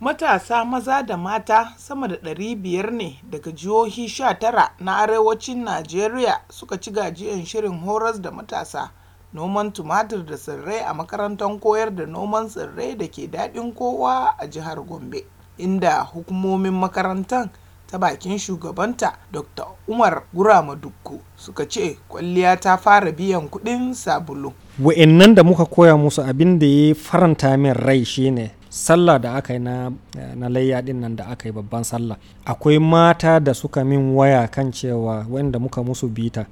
Matasa maza da mata sama da ɗari biyar ne daga jihohi sha tara na arewacin Najeriya suka ci gajiyan shirin horas da matasa noman tumatir da tsirrai a makarantar koyar da noman tsirrai da ke daɗin kowa a jihar Gombe, inda hukumomin makarantar ta bakin shugabanta Dr. Umar Guramadukku suka ce kwalliya ta fara biyan kuɗin sabulu. Wa'innan da muka koya musu abin da ya faranta min rai shine sallah da aka yi na, na layya din nan da aka yi babban sallah akwai mata da suka min waya kan cewa wanda muka musu bita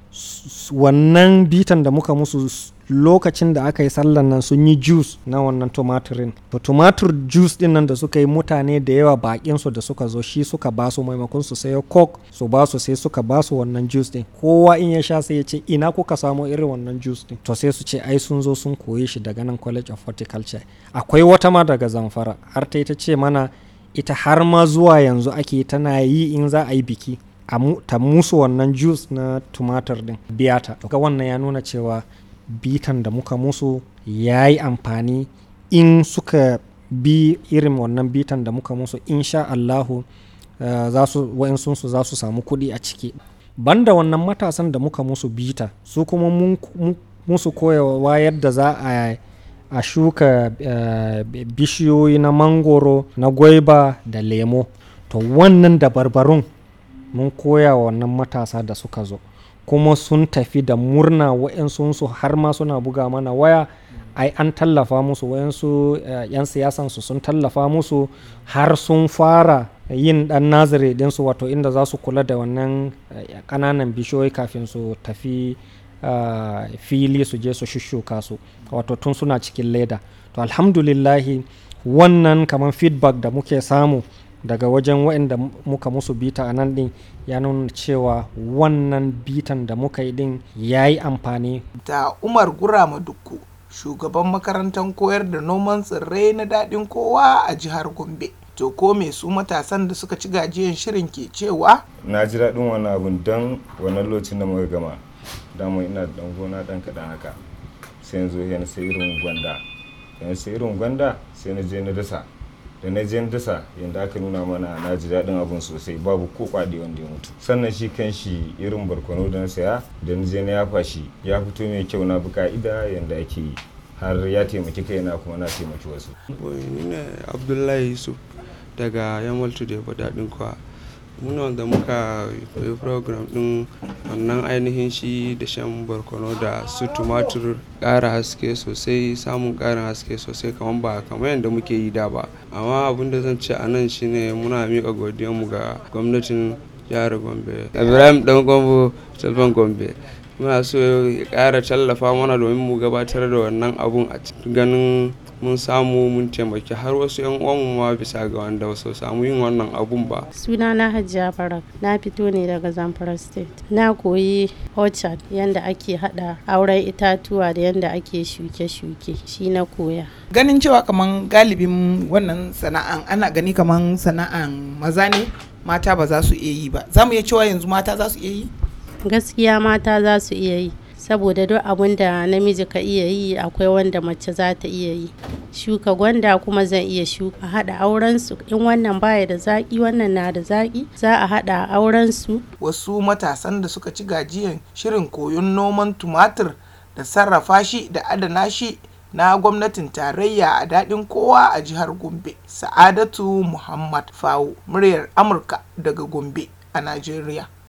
wannan bitan da muka musu lokacin da aka yi sallan nan sun yi juice na wannan tumatirin to tumatur juice din nan da suka yi mutane da yawa bakin su da suka zo shi suka ba su maimakon su sayo coke su ba su sai suka ba su wannan juice din kowa in ya sha sai ya ce ina kuka samo irin wannan juice din to sai su ce ai sun zo sun koye shi daga nan college of horticulture akwai wata ma daga zamfara har ta ita ce mana ita har ma zuwa yanzu ake tana yi in za a yi biki ta musu wannan juice na tumatir din biyata to ga wannan ya nuna cewa bitan da muka musu ya yi amfani in suka bi irin wannan bitan da muka musu insha Allahu uh, za su samu kuɗi a ciki banda wannan matasan da muka musu bita su kuma mun, musu koyawa yadda za a a shuka eh, bishiyoyi na mangoro na gwaiba da lemo to wannan dabarbarun mun koya wannan matasa da suka zo kuma sun tafi da murna wa'yansu har ma suna buga mana waya ai an tallafa musu waɗansu eh, yan siyasansu sun tallafa musu har sun fara yin dan nazare dinsu wato inda za su kula da wannan eh, ƙananan bishiyoyi kafin su tafi eh, fili su je su shushuka su wato tun suna cikin leda to alhamdulillahi wannan kamar feedback da muke samu daga wajen waɗanda muka musu bita a nan din ya nuna cewa wannan bitan da muka yi din ya yi amfani. Da Umar Gurama Dukku, shugaban makarantar koyar da noman tsirrai na daɗin kowa a jihar Gombe. To ko me su matasan da suka ci gajiyan shirin ke cewa? Na ji daɗin wani abun don wannan lokacin da muka gama. Dama ina da ɗan gona ɗan kaɗan haka. Sai yanzu yana sai irin gwanda. Yanzu sai irin gwanda sai na je na dasa. da na jan dasa yadda aka nuna mana na ji daɗin abin sosai babu ko kwaɗe wanda ya mutu sannan shi kan shi irin barkono don na saya da na je na yafa shi ya fito mai kyau na bi ka'ida yadda ake yi har ya taimaki kai kaina kuma na taimaki wasu. abdullahi yusuf daga yamal today ba daɗin kwa muna da muka koyi program ɗin wannan ainihin shi da shan barkono da su tumatur kara haske sosai samun ƙarin haske sosai kamar ba kamar yadda muke yi da ba amma abin da zan ce a nan shine muna miƙa godiyanmu ga gwamnatin jihar gombe ibrahim dan gombe sulfan gombe muna so ya kara tallafa mana domin mu gabatar da wannan abun a ganin mun samu mun taimaki har wasu 'yan uwanmu ma bisa ga wanda wasu samu yin wannan abun ba. na Hajiya farak na fito ne daga Zamfara State. Na koyi orchard yanda ake hada auren itatuwa da yanda ake shuke-shuke, shi na koya. Ganin cewa kaman galibin wannan sana'an ana gani kaman sana'an maza ne mata ba za su iya yi ba. Za mu iya cewa yanzu mata za su iya yi? Gaskiya mata za su iya yi. saboda duk abun da namiji ka iya yi akwai wanda mace za ta iya yi shuka gwanda kuma zan iya shuka haɗa aurensu in wannan baya da zaƙi wannan na da zaƙi za a haɗa auren su wasu matasan da suka ci gajiyan shirin koyon noman tumatir da sarrafa shi da adana shi na gwamnatin tarayya a daɗin kowa a jihar gombe sa'adatu muhammad fawo muryar amurka daga gombe a najeriya